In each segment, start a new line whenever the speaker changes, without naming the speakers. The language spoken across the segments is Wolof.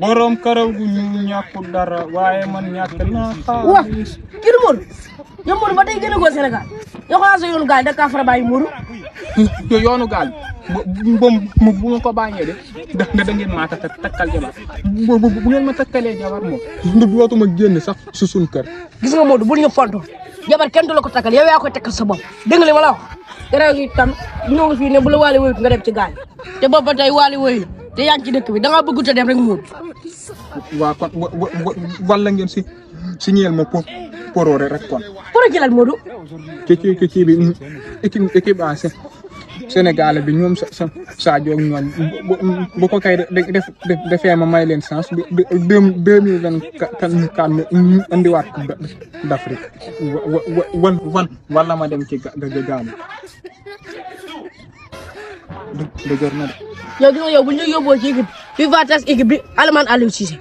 borom karaw gu ñu ñàkkul dara waye man ñàkk naa xaalis kii Mour yow Mour ba tey gëna go góor Sénégal yow xanaa sa yoonu gaal da ka fara bàyyi yo yoonu gaal bom bu ko bañé de da da ngeen ta takal jabar bu ngeen ma takalé jabar mo ndub wotuma génn sax su sun kër gis nga Modou bu ñu fontu jabar kën du la ko takal yow ya ko takal sa bopp dégg nga li wax garaaw gi tam ñoo ngi ne bu la waali wëyut nga dem ci gaal te boobu ba tey waali te yaa ngi ci dëkk bi da ngaa bëggut a dem rek muut. waaw kon wa la ngeen si si ñeel ma po rek kon. poro ci lan Modou. ci ci ci bi équipe mm, équipe A Sénégal bi ñoom sa sa Sadio ak ñoom bu ko kay def defee ma may leen chance bi deux mille vingt quatre ñu indiwaat Coupe d'Afrique wan wan wala ma dem ci ga ga gaamu dëgër na yow gis nga yow bu ñu la yóbboo ci équipe bi va tas équipe bi Alimane Aliou Cissé.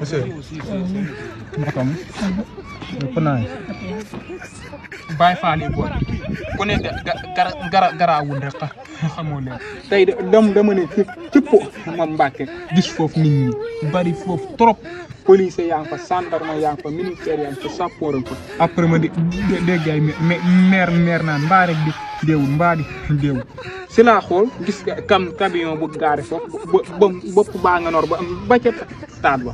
monsieur. dafa naaj. bàyyi faale booy ku ne gara gara garaawul rek xamoo leen tey de dama ne ci ci po ma Mbàkke gis foofu nit ñi bari foofu trop. police yaa ngi fa gendarme yaa ngi fa ministère yaa ngi ko après ma di dégg ay maire maire naan mbaa rek di déewul mbaa di déewul si laa xool gis kam camion bu gaari foofu bopp baa nga noor ba am taat ba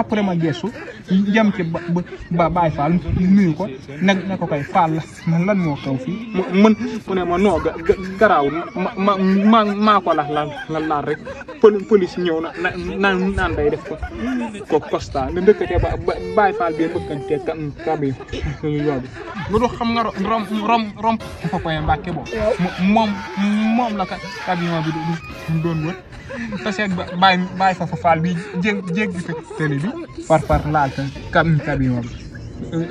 après ma geesu jëm ci ba Baye Fall nuyu ko nag na ko koy Fall la lan moo xew fii mën mu ne ma noo garaawul ma ma maa ko lax lan lan laal rek police ñëw na naan naan day def ko ko constat le ndëkkatee ba Baye ka bi mbëkkantee kabi ñu yoobi lu du xam nga rom rom rom ko koy Mbàkke boobu moom la ka camion bi du doon wër faseeg bàyyi bàyyi fa fa faal bi jég jéggi te tëli bi far far laal te kam camion bi euh,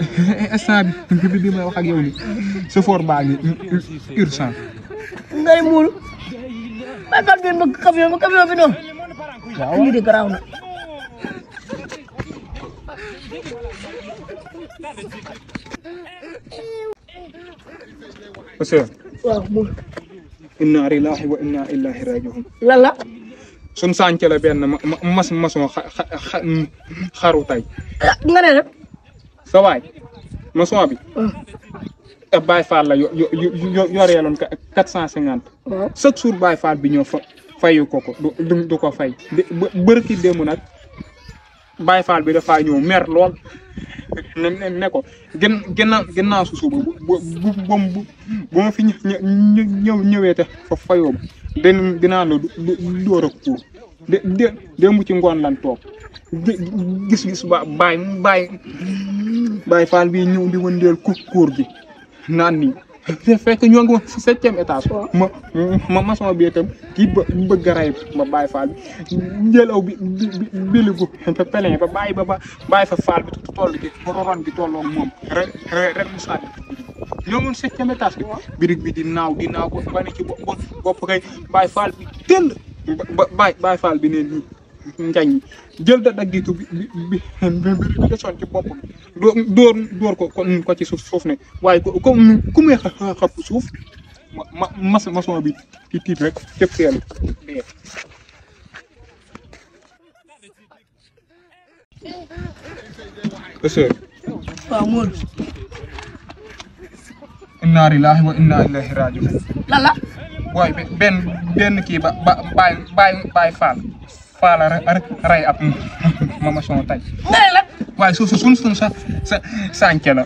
instant bi bi bi may wax ak yow ni sëfoor baa ngi urgent ngay muul bay fal bi bëgg camion bi camion bi noonu waaw lii de garaaw na monsieur waaw inna lillahi wa inna ilayhi rajiun lala suñ sànc la benn mas maçon xaru tey. nga bi. ab Baye la yo yo yo yoreeloon quatre cent cinquante. chaque jour Baye Fall bi ñëw fa fayu ko ko du ko fay. de bërki nag Baye Fall bi dafaa ñëw mer lool ne ne ko gën gën a bu bu bu ma fa fayoo den dinaa la dóor ak puur dé démb ci ngoon la toog gis-gis ba baay baay baay faal bi ñëw di wëndeel ku kuur gi naan nii fekk ñoo ngi woon si septième étage ma ma maçon bi itam kii bëgg a rey ba bàyyi faal bi njëlaw bi bili bu ba bàyyi ba ba fa faal bi toll ci roron bi tolloog moom rek rek mu sànni ñoo ngi septième bi birig bi di naaw di naaw ba ne ci bopp kay Baye Fall bi tëll ba Baye Fall bi ne nii njañ jël da daggitu bi bi bi desoon ci bopp dóor dóor dóor ko ko ci suuf suuf waaye ko ku muy xapp suuf ma bi ci tiit rek cëpp teelu dee waaw Modou inna lillahi wa inna ilayhi rajiun waaye benn benn kii ba ba baay baay baay faal faal rey ab maçon tey ngay la waaye suuf suñ suñ sa sa sànke la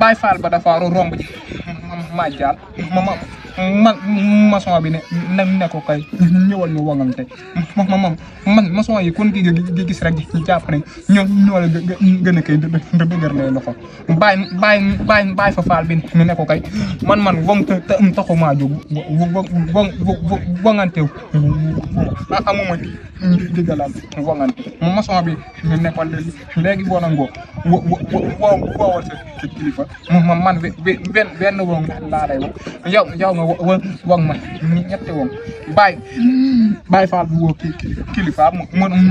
baay faal ba dafa romb ji ma jaal ma ma man maçon bi ne na ne ko kay ñëwal ñu wangante moom man maçon yi kon gi gis rek jàpp ne ñoo ñoo la gën a kay dëgër lay loxo bàyyi bàyyi bàyyi bàyyi fa faal bi ne ko kay man man wong taxumaa jóg wong wongante ah, amuma digalaam wongante maçon bi ne ko léegi boo nangoo wo wo woowal sa kilifa man benn benn wong laa lay wax yow yow nga woŋ ma ñetti woŋ Baye Baye Fall bi woo kii kilifa mu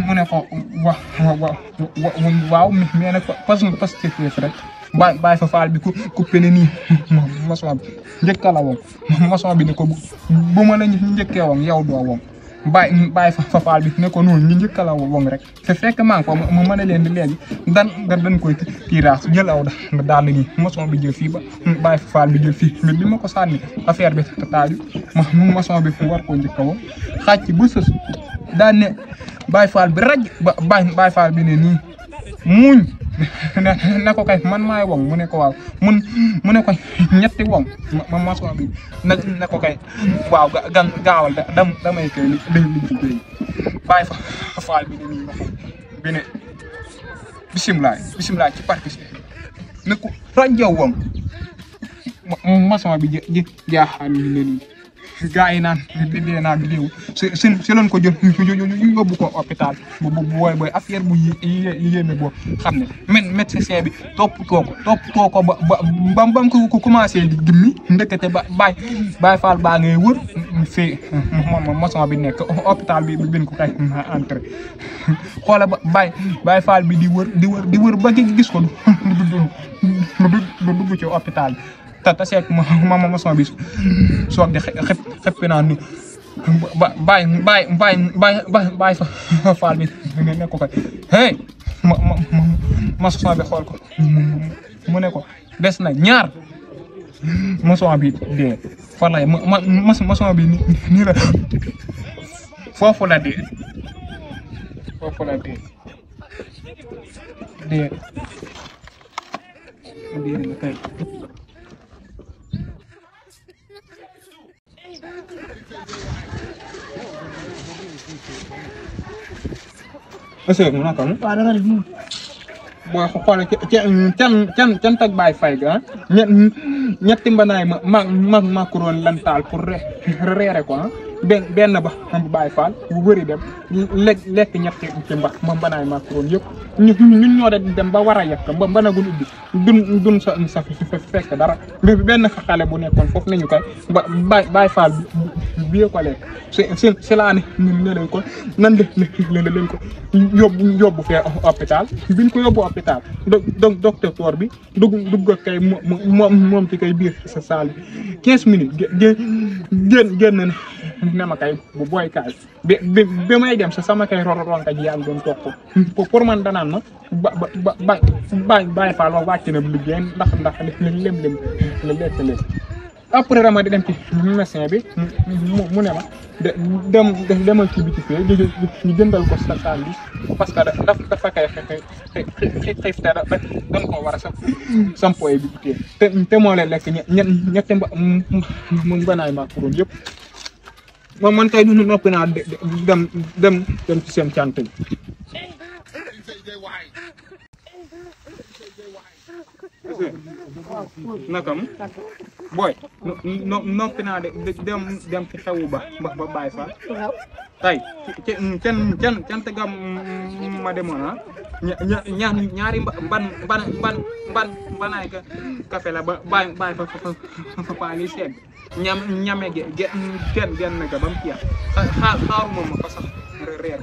mu ne ko wa waaw mais nag pas pastéef rek Baye Baye Fall bi ku coupé ne nii maçon bi njëkka la woŋ maçon bi ne ko bu ma la njëkkee woŋ yow doo woŋ bàyyi bàyyi fa faal bi ne ko noonu ñu njëkk a la wong rek te fekk maa ngi ko mu mën a leen di léegi dan dan dañ koy tiiraas jël aw da daal nii maçon bi jël fii ba bàyyi fa bi jël fii mais bi ma ko sànni affaire bi taaju ma maçon bi war koo njëkk a woo xàcc ba sës ne bàyyi faal bi raj ba bàyyi faal bi ne nii muuñ ne kay man maay woŋ mu ne ko waaw mun mu ne ko ñetti woŋ ma ma soo bi na kay waaw gan gaawal da damay kay ci béy bi ne nii wax bi ne ci parc si ne ko ma ma soo bi ja jaaxaan ni ne nii. gaa yi naan dee naa deewul si si loon ko jël yóbbu ko hôpital bu bu booy booy affaire bu yéeme boo xam ne men médecin bi toppatoo ko toppatoo ba ba ba mu ko commencé di gimmi ndëkkate ba Baye Baye baa ngay wër fii moom bi nekk hôpital bi bin ko kay entré xoola ba Baye Baye Fall bi di wër di wër di wër ba gis ko du du du dugg ci hôpital bi. ta taseeg ma ma maçon bi soog di xëpp xëppi naa nu ba bàyyi bàyyi faal bi ne ko kay hey ma ma maçon bi xool ko mu ne des na ñaar maçon bi dee falay ma ma maçon bi nii la foofu la dee dee assur bi naka la. waaw dama def moom. booy xool can can can tag Baye Faye ñetti mbanaay ma ma ma macaron lan taal pour reere ko ben ben ba xam baay faal bu wëri dem lek lek ñetti ci mbax ma banaay macron yëpp ñu ñun ñoo dem ba war a yekk ba banagul ubbi dun dun sa sa fekk dara mais benn xale bu nekkoon foofu nañu kay ba baay faal bi ko lekk c'est la ne ñun ne leen ko nan de leen leen ko dok yóbbu fee hôpital biñ ko yóbbu hôpital donc docteur bi dugg dugg kay moom moom ci kay biir sa saal 15 minutes génn génn nama kay bu kas be be be may dem sama kay roro ron ka ji am don tokk pour pour man danan ba ba ba bay fa lo wacc na liggéen ndax ndax lem lem lem lek lek après rama di dem ci médecin bi mu dem demal ci biti fee ñu jëndal ko sa saal bi parce que daf dafa kay xëy xëy da dañ ko war a sa sampoye bi te te moom man tey du noppi naa dem dem dem ci seen cant bi nakam booy no noppi naa de dem dem ci xewu ba ba ba bàyyi fa tey can can cant gam ma demoon ah ña ñaari mban mban mban mban mbanaay ka kafe la ba bàyyi bàyyi fa fa fa paali segg ñam ñame ya, ge ge gen gen ga bam ya. ha ha mo mo ko sax reer